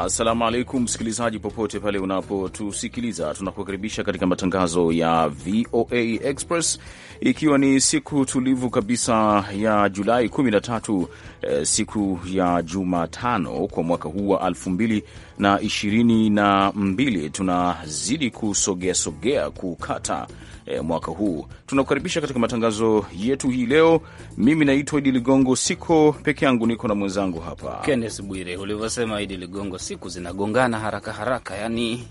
Assalamu alaikum msikilizaji, popote pale unapotusikiliza, tunakukaribisha katika matangazo ya VOA Express, ikiwa ni siku tulivu kabisa ya Julai 13, eh, siku ya Jumatano kwa mwaka huu wa 2022. Tunazidi kusogeasogea kukata e, mwaka huu. Tunakukaribisha katika matangazo yetu hii leo. Mimi naitwa Idi Ligongo, siko peke yangu, niko na mwenzangu hapa Kenneth Bwire. Ulivyosema Idi Ligongo, siku zinagongana haraka haraka, yani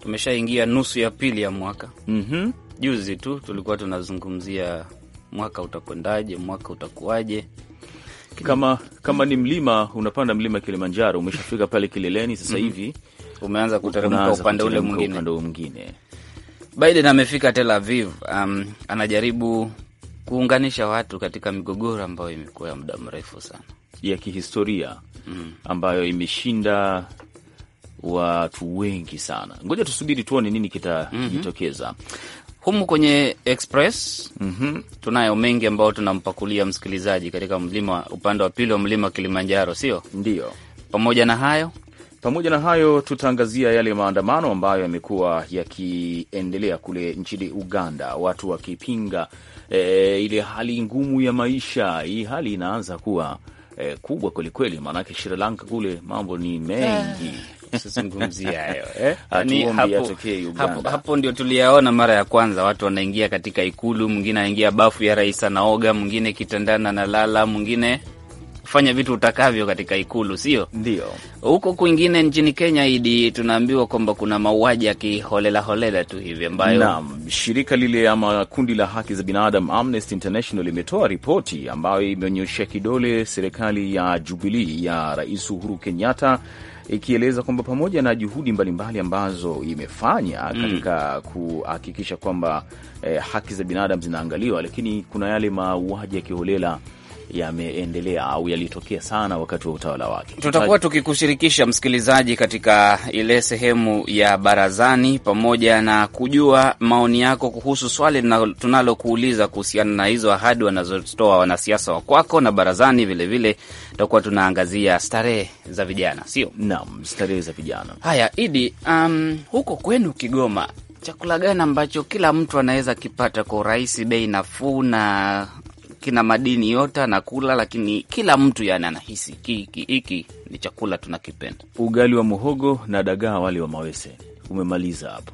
tumeshaingia nusu ya pili ya mwaka mm -hmm. Juzi tu tulikuwa tunazungumzia mwaka utakwendaje, mwaka utakuwaje kama kama ni mlima unapanda mlima Kilimanjaro, umeshafika pale kileleni sasa mhm. hivi, mm -hmm. umeanza kuteremka upande ule mwingine. Biden amefika Tel Aviv. Um, anajaribu kuunganisha watu katika migogoro ambayo imekuwa ya muda mrefu sana ya kihistoria mm, ambayo imeshinda watu wengi sana. Ngoja tusubiri tuone nini kitajitokeza mhm. mm -hmm. Humu kwenye Express mm -hmm. tunayo mengi ambayo tunampakulia msikilizaji katika mlima upande wa pili wa mlima Kilimanjaro, sio ndio? Pamoja na hayo pamoja na hayo, tutaangazia yale maandamano ambayo yamekuwa yakiendelea kule nchini Uganda, watu wakipinga e, ile hali ngumu ya maisha. Hii hali inaanza kuwa e, kubwa kwelikweli, maanake Sri Lanka kule mambo ni mengi eh. hayo, eh? hapo, hapo, hapo ndio tuliyaona mara ya kwanza, watu wanaingia katika ikulu, mwingine anaingia bafu ya rais anaoga, mwingine kitandana analala, mwingine kufanya vitu utakavyo katika Ikulu, sio ndio? Huko kwingine nchini Kenya, Idi, tunaambiwa kwamba kuna mauaji ya kiholelaholela tu hivi ambayo naam, shirika lile ama kundi la haki za binadamu Amnesty International limetoa ripoti ambayo imeonyesha kidole serikali ya Jubilii ya Rais Uhuru Kenyatta ikieleza kwamba pamoja na juhudi mbalimbali mbali ambazo imefanya mm. katika mm. kuhakikisha kwamba eh, haki za binadamu zinaangaliwa, lakini kuna yale mauaji ya kiholela yameendelea au yalitokea sana wakati wa utawala wake. Tutakuwa tukikushirikisha msikilizaji, katika ile sehemu ya barazani, pamoja na kujua maoni yako kuhusu swali tunalokuuliza kuhusiana na hizo ahadi wanazotoa wanasiasa wa kwako. Na barazani vilevile tutakuwa tunaangazia starehe za vijana, sio naam, starehe za vijana. Haya, Idi, um, huko kwenu Kigoma, chakula gani ambacho kila mtu anaweza kipata kwa urahisi, bei nafuu na kina madini yote anakula, lakini kila mtu yani anahisi hiki hiki ni chakula tunakipenda. Ugali wa muhogo na dagaa, wali wa mawese, umemaliza hapo.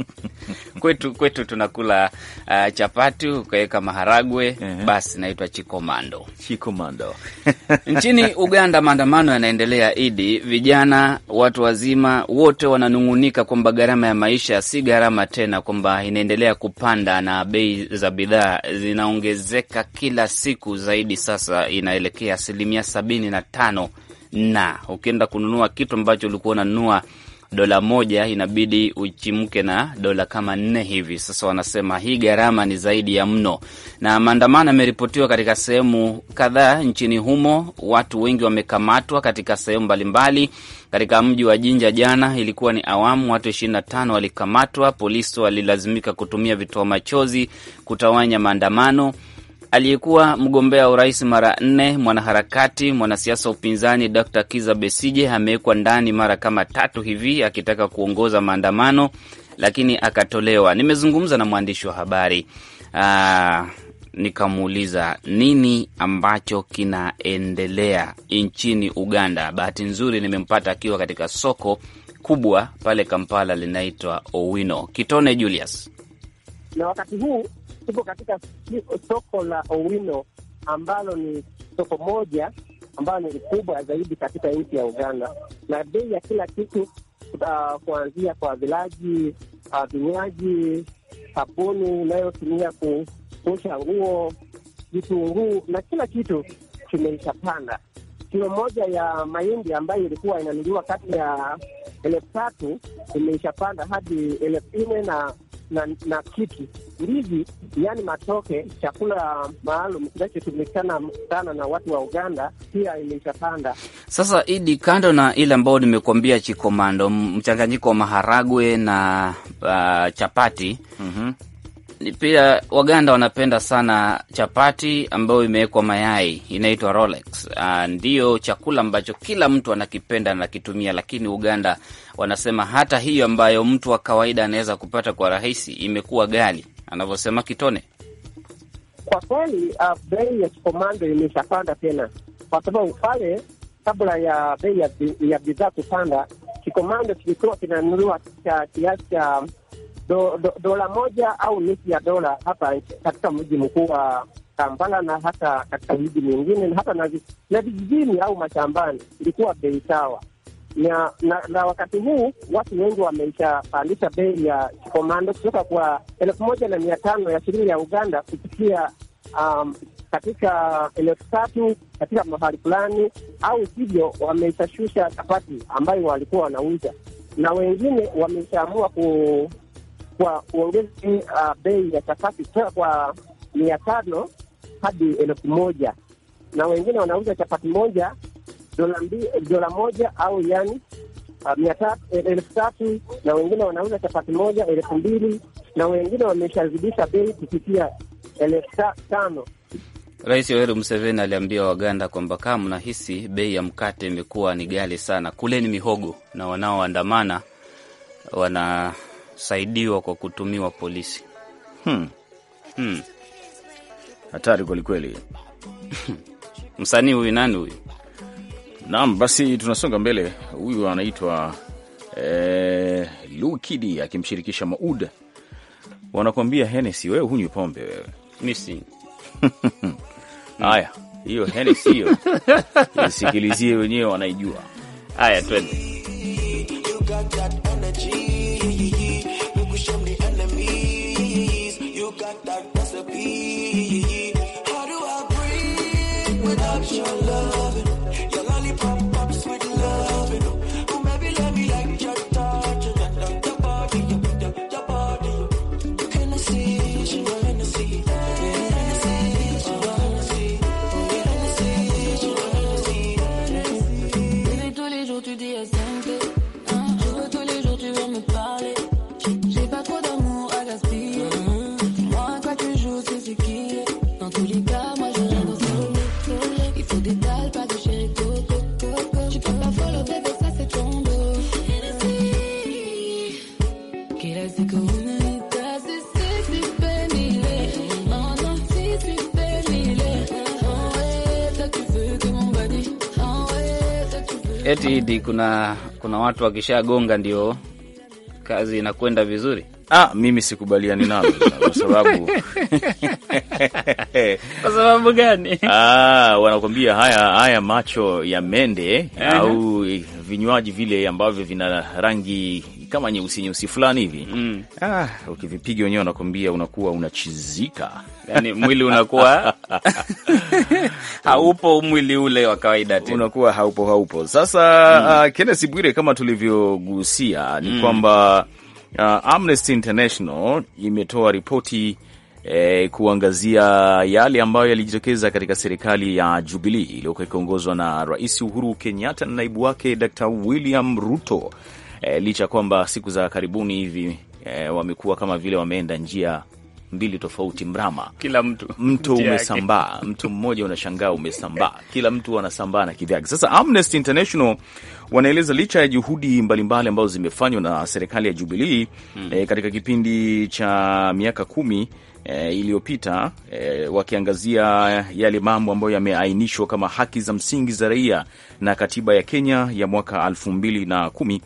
Kwetu kwetu tunakula uh, chapati ukaweka maharagwe uh -huh. Basi naitwa chikomando, chikomando. Nchini Uganda maandamano yanaendelea, Idi, vijana watu wazima wote wananung'unika kwamba gharama ya maisha si gharama tena, kwamba inaendelea kupanda na bei za bidhaa zinaongezeka kila siku zaidi, sasa inaelekea asilimia sabini na tano na ukienda kununua kitu ambacho ulikuwa unanunua dola moja inabidi uchimke na dola kama nne hivi. Sasa wanasema hii gharama ni zaidi ya mno, na maandamano yameripotiwa katika sehemu kadhaa nchini humo. Watu wengi wamekamatwa katika sehemu mbalimbali. Katika mji wa Jinja jana ilikuwa ni awamu, watu 25 walikamatwa. Polisi walilazimika kutumia vitoa machozi kutawanya maandamano. Aliyekuwa mgombea wa urais mara nne, mwanaharakati, mwanasiasa wa upinzani Dr Kiza Besije amewekwa ndani mara kama tatu hivi akitaka kuongoza maandamano, lakini akatolewa. Nimezungumza na mwandishi wa habari aa, ah, nikamuuliza nini ambacho kinaendelea nchini Uganda. Bahati nzuri nimempata akiwa katika soko kubwa pale Kampala linaitwa Owino. Kitone Julius. Na wakati huu tupo katika soko la Owino ambalo ni soko moja ambayo ni kubwa zaidi katika nchi ya Uganda, na bei ya kila kitu uh, kuanzia kwa vilaji uh, vinywaji, sabuni inayotumia kuosha nguo, vitunguu na kila kitu kimeishapanda. Kilo moja ya mahindi ambayo ilikuwa inanunuliwa kati ya elfu tatu imeishapanda hadi elfu nne na na, na kiti ndizi, yani matoke, chakula maalum kinachotumikana sana na watu wa Uganda, pia imeshapanda sasa. Idi, kando na ile ambayo nimekuambia chikomando, mchanganyiko wa maharagwe na uh, chapati mm -hmm pia Waganda wanapenda sana chapati ambayo imewekwa mayai, inaitwa Rolex. Ah, ndiyo chakula ambacho kila mtu anakipenda anakitumia, lakini Uganda wanasema hata hiyo ambayo mtu wa kawaida anaweza kupata kwa rahisi imekuwa ghali, anavyosema Kitone. Kwa kweli ah, bei ya kikomando imeshapanda tena, kwa sababu pale kabla ya bei ya bidhaa kupanda, kikomando kilikuwa kinanunuliwa cha kiasi cha do, do, dola moja au nusu ya dola hapa katika mji mkuu wa Kampala na hata katika miji mingine na hata na vijijini au mashambani ilikuwa bei sawa na, na, na wakati huu watu wengi wameishapandisha bei ya komando kutoka kwa elfu moja na mia tano ya shilingi ya Uganda kupitia um, katika elfu tatu katika mahali fulani, au sivyo wameishashusha chapati ambayo walikuwa wanauza, na wengine wameishaamua ku kwa uongeze uh, bei ya chapati kutoka kwa mia tano hadi elfu moja na wengine wanauza chapati moja dola mbi, dola moja au yani uh, mia tatu eh, elfu tatu na wengine wanauza chapati moja elfu mbili na wengine wameshazidisha bei kufikia elfu tano. Rais Yoweri Museveni aliambia Waganda kwamba kama mnahisi bei ya mkate imekuwa ni ghali sana, kuleni mihogo na wanaoandamana wana saidiwa kwa kutumiwa polisi. Hmm. Hmm. Hatari kwelikweli. Msanii huyu nani huyu? Naam, basi tunasonga mbele. Huyu anaitwa eh, Lukidi akimshirikisha Maud, wanakuambia hens wewe hunywi pombe wewe. Misi haya hiyo Henesi hiyo isikilizie wenyewe, wanaijua. Haya, twende without your loving. Idi, kuna kuna watu wakishagonga ndio kazi inakwenda vizuri. Ah, mimi sikubaliani nalo kwa sababu kwa sababu gani? Ah, wanakuambia haya haya macho ya mende uh -huh. au vinywaji vile ambavyo vina rangi kama nyeusi nyeusi fulani hivi mm. Ah, ukivipiga wenyewe wanakwambia unakuwa unachizika, yani mwili unakuwa haupo, mwili ule wa kawaida tena unakuwa haupo haupo. Sasa mm. uh, Kenneth Bwire, kama tulivyogusia ni mm. kwamba uh, Amnesty International imetoa ripoti E, kuangazia yale ambayo yalijitokeza katika serikali ya Jubilee iliyokuwa ikiongozwa na Rais Uhuru Kenyatta na naibu wake Dr. William Ruto e, licha kwamba siku za karibuni hivi e, wamekuwa kama vile wameenda njia mbili tofauti mrama. Kila mtu mto umesambaa, mtu mmoja unashangaa umesambaa, kila mtu anasambaa na kivyake. Sasa Amnesty International wanaeleza licha ya juhudi mbalimbali ambazo zimefanywa na serikali ya Jubilii hmm. e, katika kipindi cha miaka kumi e, iliyopita e, wakiangazia yale mambo ambayo yameainishwa kama haki za msingi za raia na katiba ya Kenya ya mwaka elfu mbili na kumi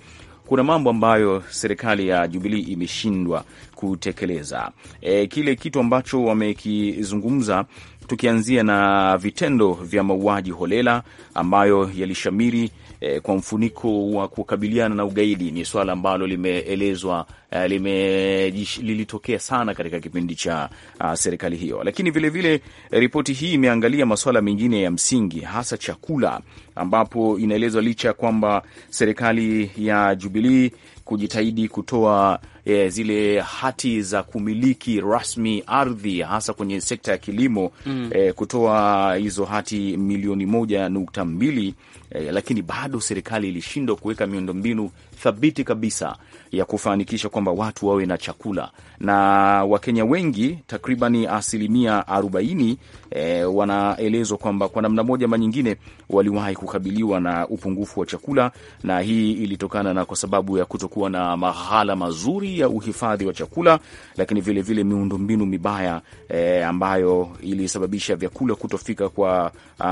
kuna mambo ambayo serikali ya Jubilii imeshindwa kutekeleza. E, kile kitu ambacho wamekizungumza tukianzia na vitendo vya mauaji holela ambayo yalishamiri eh, kwa mfuniko wa kukabiliana na ugaidi ni swala ambalo limeelezwa eh, lime, lilitokea sana katika kipindi cha uh, serikali hiyo, lakini vilevile eh, ripoti hii imeangalia masuala mengine ya msingi, hasa chakula, ambapo inaelezwa licha ya kwamba serikali ya Jubilii kujitahidi kutoa e, zile hati za kumiliki rasmi ardhi hasa kwenye sekta ya kilimo mm. e, kutoa hizo hati milioni moja nukta mbili e, lakini bado serikali ilishindwa kuweka miundombinu thabiti kabisa ya kufanikisha kwamba watu wawe na chakula, na Wakenya wengi takribani asilimia arobaini e, wanaelezwa kwamba kwa namna moja ama nyingine waliwahi kukabiliwa na upungufu wa chakula, na hii ilitokana na kwa sababu ya kutokuwa na mahala mazuri ya uhifadhi wa chakula, lakini vilevile miundombinu mibaya e, ambayo ilisababisha vyakula kutofika kwa a,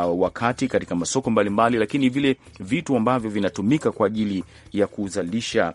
ah, wakati katika masoko mbalimbali mbali, lakini vile vitu ambavyo vinatumika kwa ajili ya kuzalisha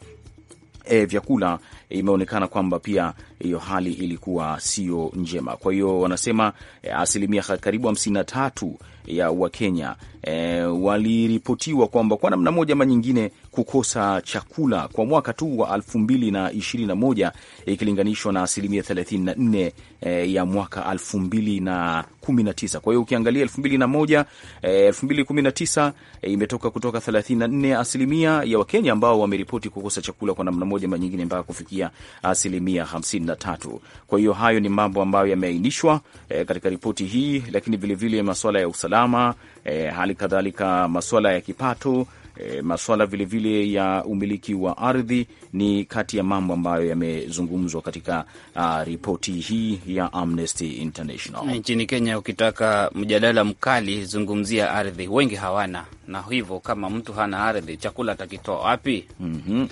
E, vyakula imeonekana kwamba pia hiyo hali ilikuwa sio njema. Kwa hiyo wanasema eh, asilimia karibu hamsini na tatu ya Wakenya e, waliripotiwa kwamba kwa namna moja ama nyingine kukosa chakula kwa mwaka tu wa elfu mbili na ishirini na moja ikilinganishwa na asilimia thelathini na nne e, ya mwaka elfu mbili na kumi na tisa. Kwa hiyo ukiangalia elfu mbili na moja elfu mbili kumi na tisa imetoka kutoka thelathini na nne asilimia ya Wakenya ambao wameripoti kukosa chakula kwa namna moja ama nyingine mpaka kufikia kufikia asilimia 53. Kwa hiyo hayo ni mambo ambayo yameainishwa e, katika ripoti hii, lakini vilevile masuala ya usalama e, hali kadhalika masuala ya kipato E, masuala vilevile ya umiliki wa ardhi ni kati ya mambo ambayo yamezungumzwa katika uh, ripoti hii ya Amnesty International. Nchini Kenya, ukitaka mjadala mkali, zungumzia ardhi. Wengi hawana, na hivyo kama mtu hana ardhi, chakula atakitoa wapi? mm -hmm.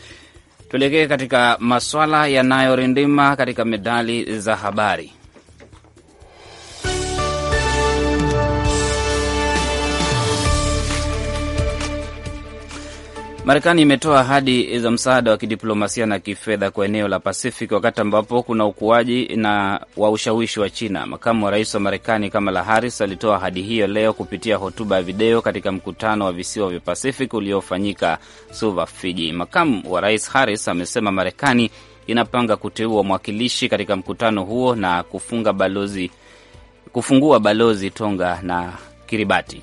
Tuelekee katika maswala yanayorindima katika medali za habari. Marekani imetoa ahadi za msaada wa kidiplomasia na kifedha kwa eneo la Pacific wakati ambapo kuna ukuaji na wa ushawishi wa China. Makamu wa rais wa Marekani Kamala Harris alitoa ahadi hiyo leo kupitia hotuba ya video katika mkutano wa visiwa vya Pacific uliofanyika Suva, Fiji. Makamu wa rais Harris amesema Marekani inapanga kuteua mwakilishi katika mkutano huo na kufunga balozi, kufungua balozi Tonga na Kiribati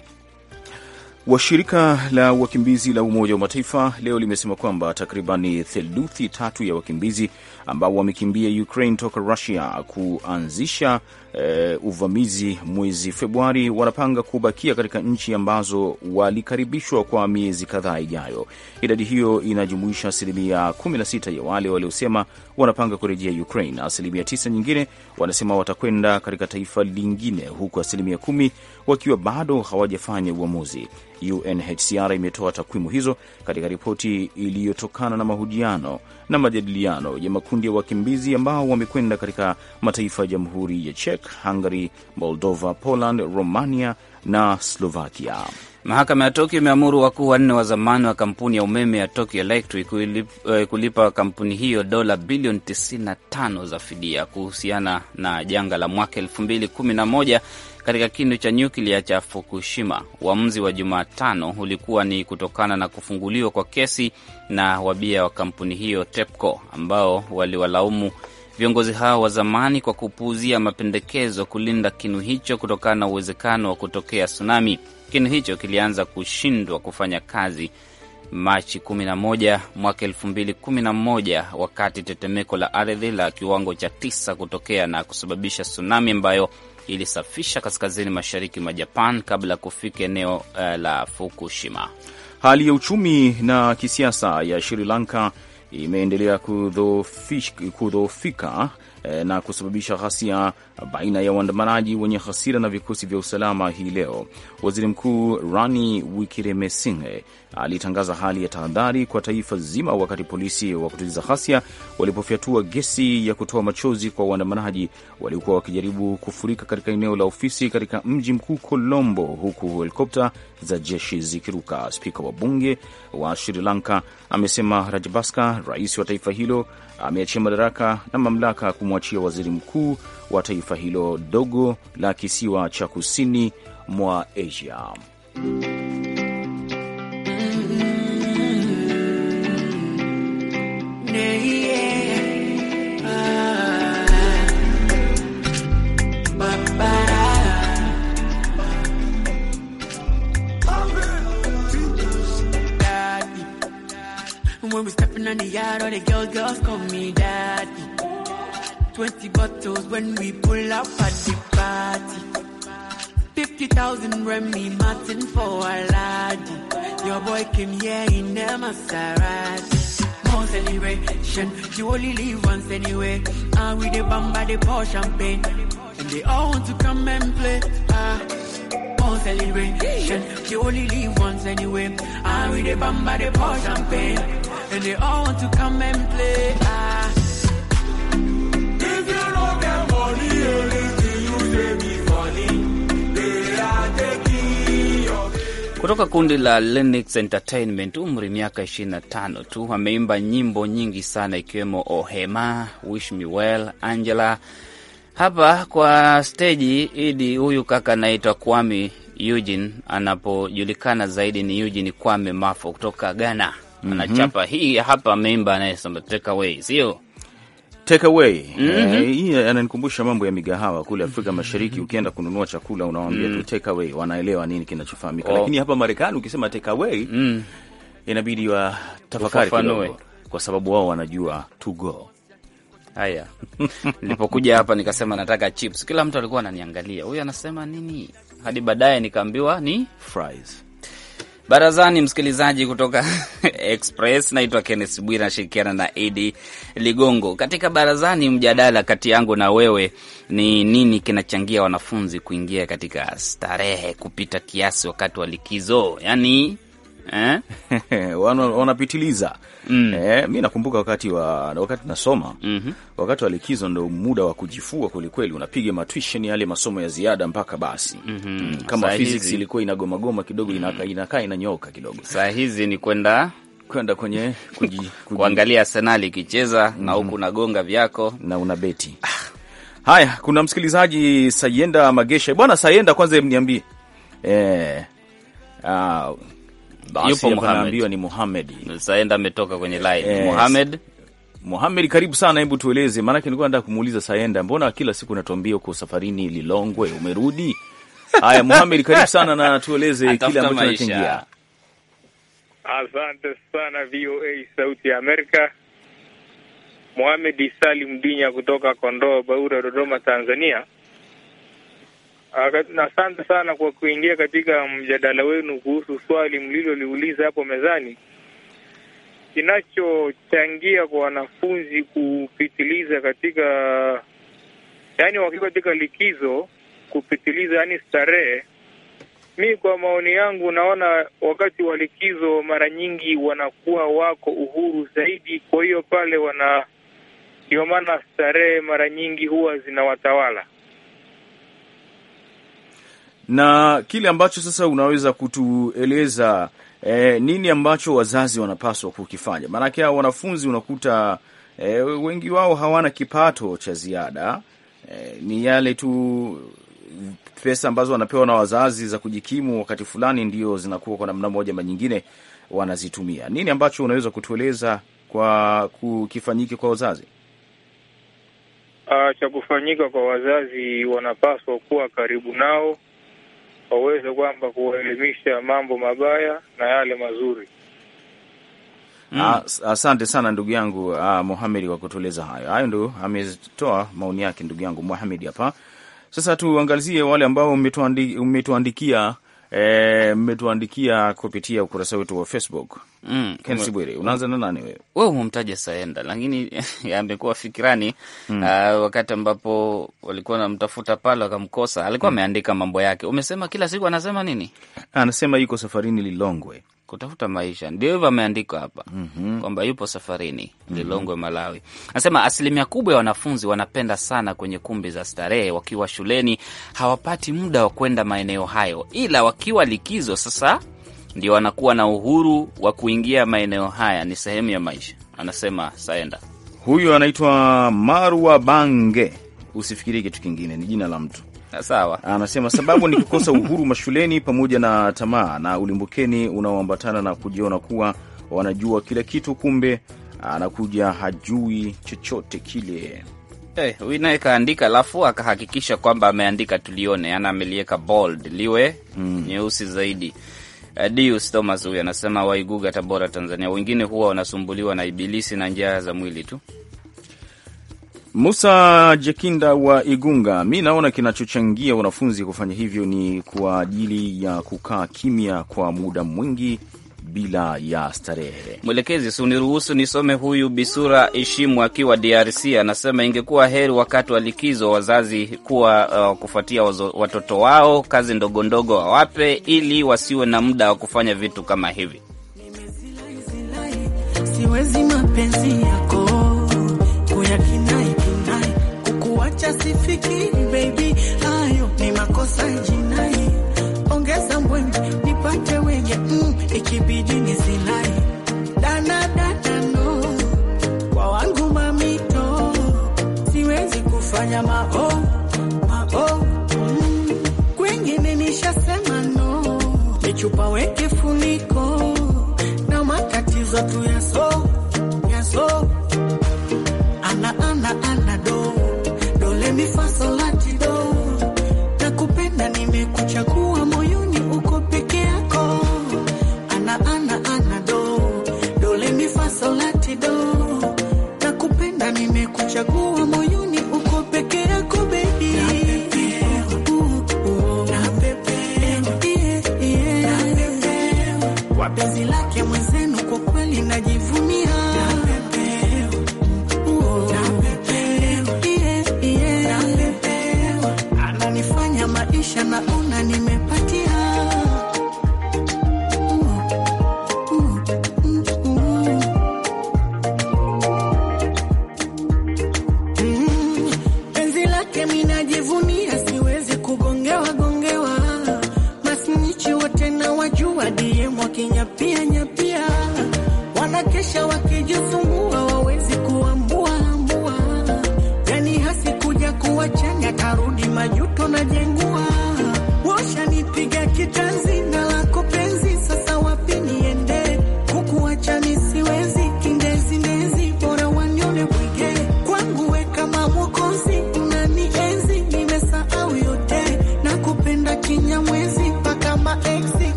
wa shirika la wakimbizi la Umoja wa Mataifa leo limesema kwamba takribani theluthi tatu ya wakimbizi ambao wamekimbia Ukraine toka Russia kuanzisha e, uvamizi mwezi Februari wanapanga kubakia katika nchi ambazo walikaribishwa kwa miezi kadhaa ijayo. Idadi hiyo inajumuisha asilimia 16 ya wale waliosema wanapanga kurejea Ukraine. Asilimia 9 nyingine wanasema watakwenda katika taifa lingine, huku asilimia kumi wakiwa bado hawajafanya uamuzi. UNHCR imetoa takwimu hizo katika ripoti iliyotokana na mahojiano na majadiliano ya makundi makundi ya wakimbizi ambao wamekwenda katika mataifa ya Jamhuri ya Czech, Hungary, Moldova, Poland, Romania na Slovakia. Mahakama ya Tokyo imeamuru wakuu wanne wa zamani wa kampuni ya umeme ya Tokyo Electric eh, kulipa kampuni hiyo dola bilioni 95 za fidia kuhusiana na janga la mwaka 2011 katika kinu cha nyuklia cha Fukushima. Uamuzi wa Jumatano ulikuwa ni kutokana na kufunguliwa kwa kesi na wabia wa kampuni hiyo TEPCO ambao waliwalaumu viongozi hao wa zamani kwa kupuuzia mapendekezo kulinda kinu hicho kutokana na uwezekano wa kutokea tsunami. Kinu hicho kilianza kushindwa kufanya kazi Machi 11 mwaka 2011 wakati tetemeko la ardhi la kiwango cha tisa kutokea na kusababisha tsunami ambayo ilisafisha kaskazini mashariki mwa Japan kabla ya kufika eneo eh, la Fukushima. Hali ya uchumi na kisiasa ya Sri Lanka imeendelea kudhoofika Eh, na kusababisha ghasia baina ya waandamanaji wenye hasira na vikosi vya usalama hii leo. Waziri Mkuu Rani Wikiremesinghe alitangaza hali ya tahadhari kwa taifa zima wakati polisi wa kutuliza ghasia walipofyatua gesi ya kutoa machozi kwa waandamanaji waliokuwa wakijaribu kufurika katika eneo la ofisi katika mji mkuu Colombo, huku helikopta za jeshi zikiruka. Spika wa bunge wa Sri Lanka amesema rajabaska rais wa taifa hilo, ameachia madaraka na mamlaka ya kumwachia waziri mkuu wa taifa hilo dogo la kisiwa cha kusini mwa Asia. on the yard, all the girls just call me daddy. 20 bottles when we pull up at the party. 50,000 Remy Martin for a lady. Your boy came here in a Maserati. More celebration, you only live once anyway. And we the bamba, they pour champagne. And they all want to come and play. Ah. More celebration, you only live once anyway. And we the bamba, they pour champagne. and they all want to come and play. Ah. If you know their money, anything you say be funny. They are taking your kutoka kundi la Lennox Entertainment, umri miaka 25 tu, ameimba nyimbo nyingi sana ikiwemo Ohema, Wish Me Well, Angela. Hapa kwa steji idi, huyu kaka anaitwa Kwame Eugene, anapojulikana zaidi ni Eugene Kwame Mafo kutoka Ghana anachapa mm-hmm. hii hapa memba anayesema take away, sio take away. Mm-hmm. Eh, hii ananikumbusha mambo ya migahawa kule Afrika Mashariki, ukienda kununua chakula unawaambia tu mm. take away, wanaelewa nini kinachofahamika. Oh. Lakini hapa Marekani ukisema take away mm. inabidi wa tafakari kidogo, kwa sababu wao wanajua to go. Haya, nilipokuja hapa nikasema nataka chips, kila mtu alikuwa ananiangalia, huyu anasema nini, hadi baadaye nikaambiwa ni fries. Barazani, msikilizaji kutoka Express. Naitwa kennes Bwira, nashirikiana na Edi Ligongo. Katika barazani, mjadala kati yangu na wewe ni nini kinachangia wanafunzi kuingia katika starehe kupita kiasi wakati wa likizo, yani eh? wanapitiliza mm. Eh, mi nakumbuka wakati wa wakati nasoma mm -hmm. Wakati wa likizo ndo muda wa kujifua kwelikweli, unapiga matwisheni yale masomo ya ziada mpaka basi mhm. mm -hmm. Kama saa physics ilikuwa inagomagoma kidogo mm -hmm. Inakaa inanyoka kidogo, saa hizi ni kwenda kwenda kwenye kuji, kuji. kuangalia Arsenal ikicheza mm -hmm. na mhm. huku unagonga vyako na una beti Haya, kuna msikilizaji Sayenda Magesha. Bwana Sayenda, kwanza niambie eh, uh, yupo Muhammad, ni Muhamed Saenda ametoka kwenye eh, line yes. Muhamed Muhamed, karibu sana, hebu tueleze, maanake nilikuwa nataka kumuuliza Saenda, mbona kila siku natuambia uko safarini Lilongwe, umerudi? Haya, Muhamed, karibu sana na tueleze kile ambacho unachangia. Asante sana VOA Sauti ya Amerika. Muhamedi Salim Dinya kutoka Kondoa Baura, Dodoma, Tanzania. Ah, asante sana kwa kuingia katika mjadala wenu kuhusu swali mliloliuliza hapo mezani. Kinachochangia kwa wanafunzi kupitiliza katika, yaani wakiwa katika likizo kupitiliza, yaani starehe, mi kwa maoni yangu naona wakati wa likizo mara nyingi wanakuwa wako uhuru zaidi, kwa hiyo pale wana, ndio maana starehe mara nyingi huwa zinawatawala na kile ambacho sasa unaweza kutueleza e, nini ambacho wazazi wanapaswa kukifanya? Maanake hao wanafunzi unakuta e, wengi wao hawana kipato cha ziada e, ni yale tu pesa ambazo wanapewa na wazazi za kujikimu wakati fulani, ndio zinakuwa kwa namna moja ama nyingine wanazitumia. Nini ambacho unaweza kutueleza kwa kukifanyike kwa wazazi? Uh, cha kufanyika kwa wazazi, wanapaswa kuwa karibu nao waweze kwamba kuwaelimisha mambo mabaya na yale mazuri. Mm. Asante sana ndugu yangu ah, Mohamed kwa kutueleza hayo. Hayo ndo ametoa maoni yake ndugu yangu Mohamed hapa. Sasa tuangalizie wale ambao umetuandikia Eh, mmetuandikia e, kupitia ukurasa wetu wa Facebook. Mm, Kenesi Bwire, unaanza na nani wewe? We umemtaja Saenda, lakini amekuwa fikirani mm. Uh, wakati ambapo walikuwa namtafuta pale wakamkosa, alikuwa mm. ameandika mm. mambo yake. Umesema kila siku anasema nini? Anasema yuko safarini Lilongwe kutafuta maisha, ndio hivyo ameandikwa hapa mm -hmm. kwamba yupo safarini mhm. Lilongwe, mm -hmm. Malawi. Anasema asilimia kubwa ya wanafunzi wanapenda sana kwenye kumbi za starehe, wakiwa shuleni hawapati muda wa kwenda maeneo hayo, ila wakiwa likizo sasa ndio wanakuwa na uhuru wa kuingia maeneo haya, ni sehemu ya maisha, anasema Saenda. Huyu anaitwa Marwa Bange. usifikirie kitu kingine, ni jina la mtu Sawa. Anasema sababu ni kukosa uhuru mashuleni pamoja na tamaa na ulimbukeni unaoambatana na kujiona kuwa wanajua kila kitu, kumbe anakuja hajui chochote kile. Hey, eh, naye kaandika alafu akahakikisha kwamba ameandika tulione, ana amelieka bold liwe mm, nyeusi zaidi. Eh, Dius Thomas huyu anasema Waiguga, Tabora, Tanzania, wengine huwa wanasumbuliwa na ibilisi na njaa za mwili tu. Musa Jekinda wa Igunga, mi naona kinachochangia wanafunzi kufanya hivyo ni kwa ajili ya kukaa kimya kwa muda mwingi bila ya starehe. Mwelekezi, si uniruhusu nisome huyu. Bisura Ishimu akiwa DRC anasema ingekuwa heri wakati wa likizo wazazi kuwa uh, kufuatia wazo, watoto wao kazi ndogondogo wawape ili wasiwe na muda wa kufanya vitu kama hivi. Siwezi mapenzi yako hata sifiki baby, hayo ni makosa jinai, ongeza mbwembe nipate wenye mm, ikibidi ni zinai danadadano kwa wangu mamito, siwezi kufanya mao mao mm, kwengine nishasema no, nichupa weke funiko na matatizo tu yaso kuchagua moyoni uko peke yako, ana ana ana do dole uko peke yako baby lake mwenzenu kwa kweli najivunia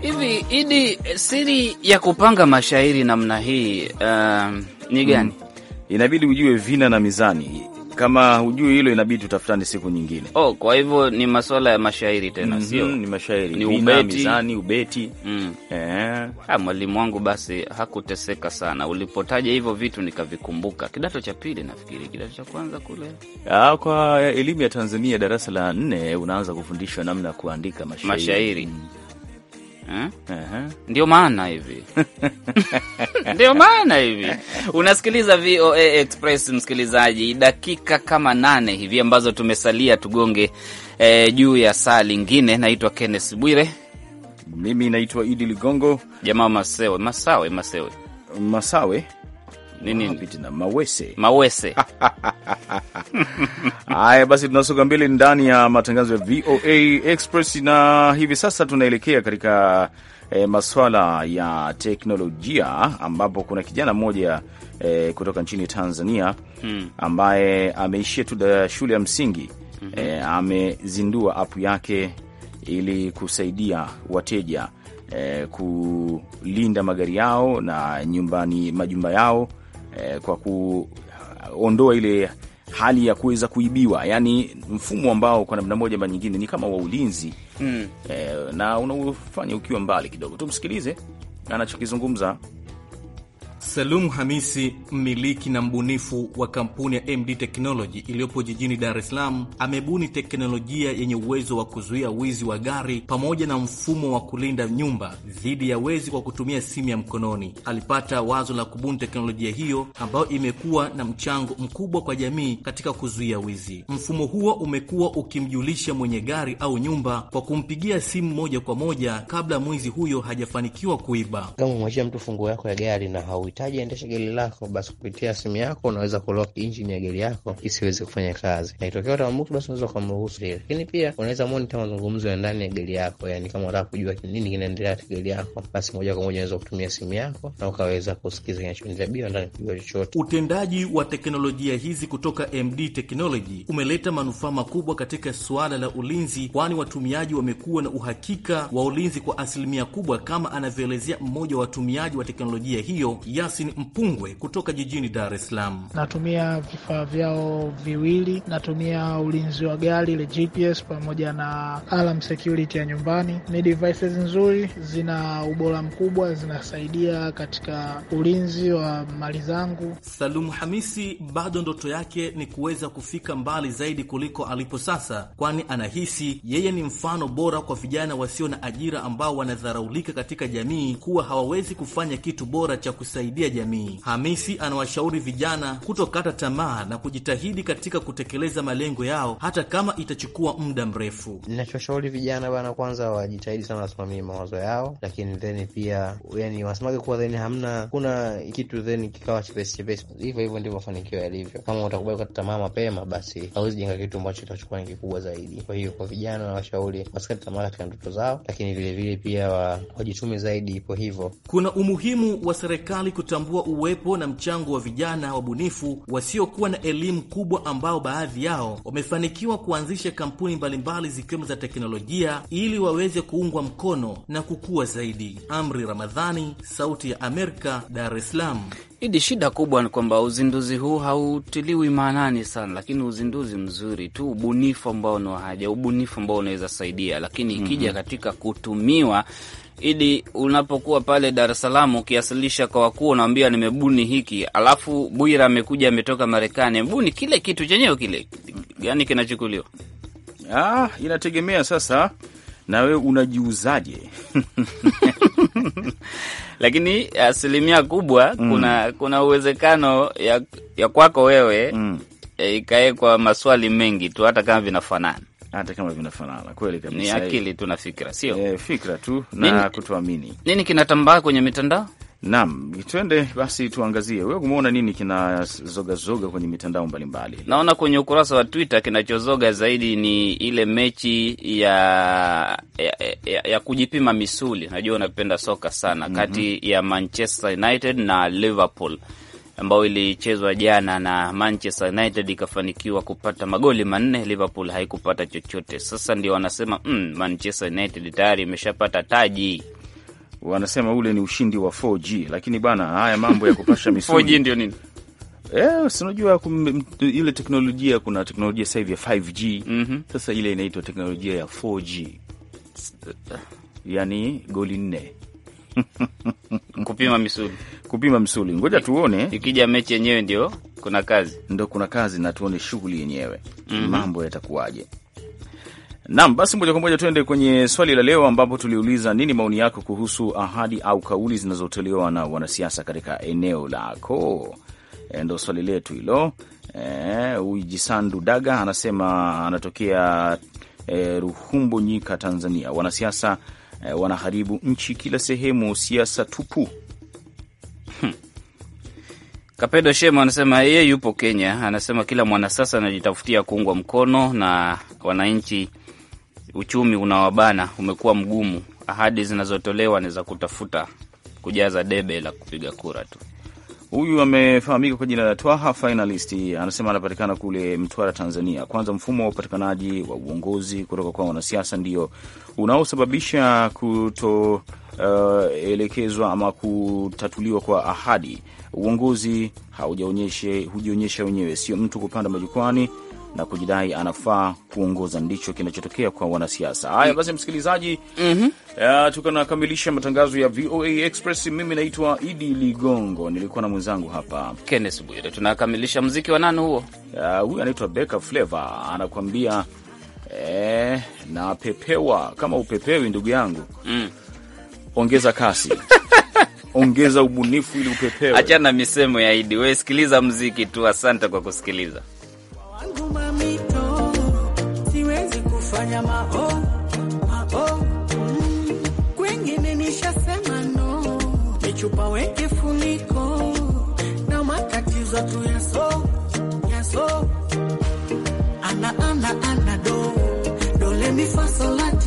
Hivi idi siri ya kupanga mashairi namna hii uh, ni gani? Hmm, inabidi ujue vina na mizani kama hujui hilo, inabidi utafutane siku nyingine. Oh, kwa hivyo ni masuala ya mashairi tena, mm -hmm, sio ni mashairi, ni ubeti, mizani, ubeti. Mm. Eh. Ah, mwalimu wangu basi hakuteseka sana. Ulipotaja hivyo vitu nikavikumbuka, kidato cha pili nafikiri, kidato cha kwanza kule. Ah, kwa elimu ya Tanzania darasa la nne unaanza kufundishwa namna ya kuandika mashairi, mashairi. Mm. Eh? Ndio maana hivi ndio maana hivi unasikiliza VOA Express msikilizaji, dakika kama nane hivi ambazo tumesalia tugonge eh, juu ya saa lingine. Naitwa Kenneth Bwire, mimi naitwa Idi Ligongo, jamaa Masewe Masawe Masewe Masawe nini? Mawese Mawese Haya basi, tunasonga mbele ndani ya matangazo ya VOA Express, na hivi sasa tunaelekea katika e, maswala ya teknolojia ambapo kuna kijana mmoja e, kutoka nchini Tanzania hmm, ambaye ameishia tu eh, shule ya msingi hmm, e, amezindua apu yake ili kusaidia wateja e, kulinda magari yao na nyumbani majumba yao e, kwa kuondoa ile hali ya kuweza kuibiwa, yani mfumo ambao kwa namna moja ama nyingine ni kama wa ulinzi mm. E, na unaofanya ukiwa mbali kidogo. Tumsikilize anachokizungumza Salum Hamisi, mmiliki na mbunifu wa kampuni ya MD Technology iliyopo jijini Dar es Salaam, amebuni teknolojia yenye uwezo wa kuzuia wizi wa gari pamoja na mfumo wa kulinda nyumba dhidi ya wezi kwa kutumia simu ya mkononi. Alipata wazo la kubuni teknolojia hiyo ambayo imekuwa na mchango mkubwa kwa jamii katika kuzuia wizi. Mfumo huo umekuwa ukimjulisha mwenye gari au nyumba kwa kumpigia simu moja kwa moja kabla mwizi huyo hajafanikiwa kuiba. Kama umemwachia mtu funguo yako ya gari na hawi unahitaji endesha gari lako, basi kupitia simu yako unaweza kulock engine ya gari yako isiweze kufanya kazi, na ikitokea utambuki, basi unaweza ukamruhusu ile. Lakini pia unaweza monitor mazungumzo ya ndani ya gari yako, yani kama unataka kujua nini kinaendelea katika gari yako, basi moja kwa moja unaweza kutumia simu yako na ukaweza kusikiza kinachoendelea bila ndani kujua chochote. Utendaji wa teknolojia hizi kutoka MD Technology umeleta manufaa makubwa katika suala la ulinzi, kwani watumiaji wamekuwa na uhakika wa ulinzi kwa asilimia kubwa, kama anavyoelezea mmoja wa watumiaji wa teknolojia hiyo ya Yasin Mpungwe kutoka jijini Dar es Salaam. Natumia vifaa vyao viwili, natumia ulinzi wa gari ile GPS pamoja na alarm security ya nyumbani. Ni devices nzuri, zina ubora mkubwa, zinasaidia katika ulinzi wa mali zangu. Salumu Hamisi bado ndoto yake ni kuweza kufika mbali zaidi kuliko alipo sasa, kwani anahisi yeye ni mfano bora kwa vijana wasio na ajira ambao wanadharaulika katika jamii kuwa hawawezi kufanya kitu bora cha kusaidia kusaidia jamii. Hamisi anawashauri vijana kutokata tamaa na kujitahidi katika kutekeleza malengo yao hata kama itachukua muda mrefu. Ninachoshauri vijana bana, kwanza wajitahidi sana wasimamie mawazo yao, lakini theni pia yani wasimake kuwa then hamna kuna kitu then kikawa chepesi chepesi. Hivyo hivyo ndivyo mafanikio yalivyo. Kama utakubali kukata tamaa mapema, basi hawezi jenga kitu ambacho kitachukua ni kikubwa zaidi. Kwa hiyo kwa vijana nawashauri wasikate tamaa katika ndoto zao, lakini vilevile pia wajitume zaidi. Ipo hivyo, kuna umuhimu wa serikali kutambua uwepo na mchango wa vijana wabunifu wasiokuwa na elimu kubwa ambao baadhi yao wamefanikiwa kuanzisha kampuni mbalimbali zikiwemo za teknolojia ili waweze kuungwa mkono na kukua zaidi. Amri Ramadhani, Sauti ya Amerika, Dar es Salaam. Idi, shida kubwa ni kwamba uzinduzi huu hautiliwi maanani sana, lakini uzinduzi mzuri tu, ubunifu ambao ni wa haja, ubunifu ambao unaweza saidia, lakini ikija mm -hmm. katika kutumiwa Idi, unapokuwa pale Dar es Salaam ukiasilisha kwa wakuu, unawambia nimebuni hiki, alafu Bwira amekuja ametoka Marekani, amebuni kile kitu chenyewe kile, yani kinachukuliwa. Ah, inategemea sasa na wewe unajiuzaje? Lakini asilimia kubwa mm. kuna kuna uwezekano ya, ya kwako wewe mm. Eh, ikae kwa maswali mengi tu hata kama vinafanana hata kama vinafanana kweli kabisa, ni eh, akili tu na fikra, sio e, fikra tu na nini, kutuamini. Nini kinatambaa kwenye mitandao? Naam, twende basi tuangazie, wewe umeona nini kinazogazoga kwenye mitandao mbalimbali? Naona kwenye ukurasa wa Twitter kinachozoga zaidi ni ile mechi ya ya, ya, ya kujipima misuli. Najua unapenda soka sana, mhm. kati mm -hmm. ya Manchester United na Liverpool ambayo ilichezwa jana na Manchester United ikafanikiwa kupata magoli manne. Liverpool haikupata chochote. Sasa ndio wanasema mm, Manchester United tayari imeshapata taji wanasema ule ni ushindi wa 4G lakini bana, haya mambo ya kupasha misuli 4G ndio nini? Eh, unajua ile teknolojia, kuna teknolojia sasa hivi ya 5G mm -hmm. Sasa ile inaitwa teknolojia ya 4G, eh, yani goli nne kupima misuli kupima msuli. Ngoja tuone ikija mechi yenyewe, ndio kuna kazi, ndo kuna kazi na tuone shughuli yenyewe mm -hmm. mambo yatakuwaje. Naam, basi moja kwa moja tuende kwenye swali la leo, ambapo tuliuliza nini maoni yako kuhusu ahadi au kauli zinazotolewa na wanasiasa katika eneo lako. Eh, ndo swali letu hilo. Eh, huyu e, Jisandu Daga anasema anatokea e, eh, Ruhumbo Nyika, Tanzania. Wanasiasa e, wanaharibu nchi kila sehemu, siasa tupu. Kapedo Shema anasema yeye yupo Kenya, anasema kila mwanasasa anajitafutia kuungwa mkono na wananchi, uchumi unawabana, umekuwa mgumu, ahadi zinazotolewa ni za kutafuta kujaza debe la kupiga kura tu. Huyu amefahamika kwa jina la Twaha Finalist, anasema anapatikana kule Mtwara, Tanzania. Kwanza, mfumo wa upatikanaji wa uongozi kutoka kwa wanasiasa ndio unaosababisha kutoelekezwa uh, ama kutatuliwa kwa ahadi Uongozi hujionyesha wenyewe, sio mtu kupanda majukwani na kujidai anafaa kuongoza. Ndicho kinachotokea kwa wanasiasa. Haya basi, msikilizaji, mm -hmm. tunakamilisha matangazo ya VOA Express. Mimi naitwa Idi Ligongo, nilikuwa na mwenzangu hapa Kenneth Bwire. Tunakamilisha mziki wa nani huo? Huyu anaitwa Beka Flava anakuambia eh, napepewa kama upepewi ndugu yangu mm. ongeza kasi ongeza ubunifu ili upepewe. Achana misemo ya Idi, we sikiliza mziki tu. Asante kwa kusikiliza. Chupa weke funiko na matatizo tu yaso ana ana ana do do le mi fa sol la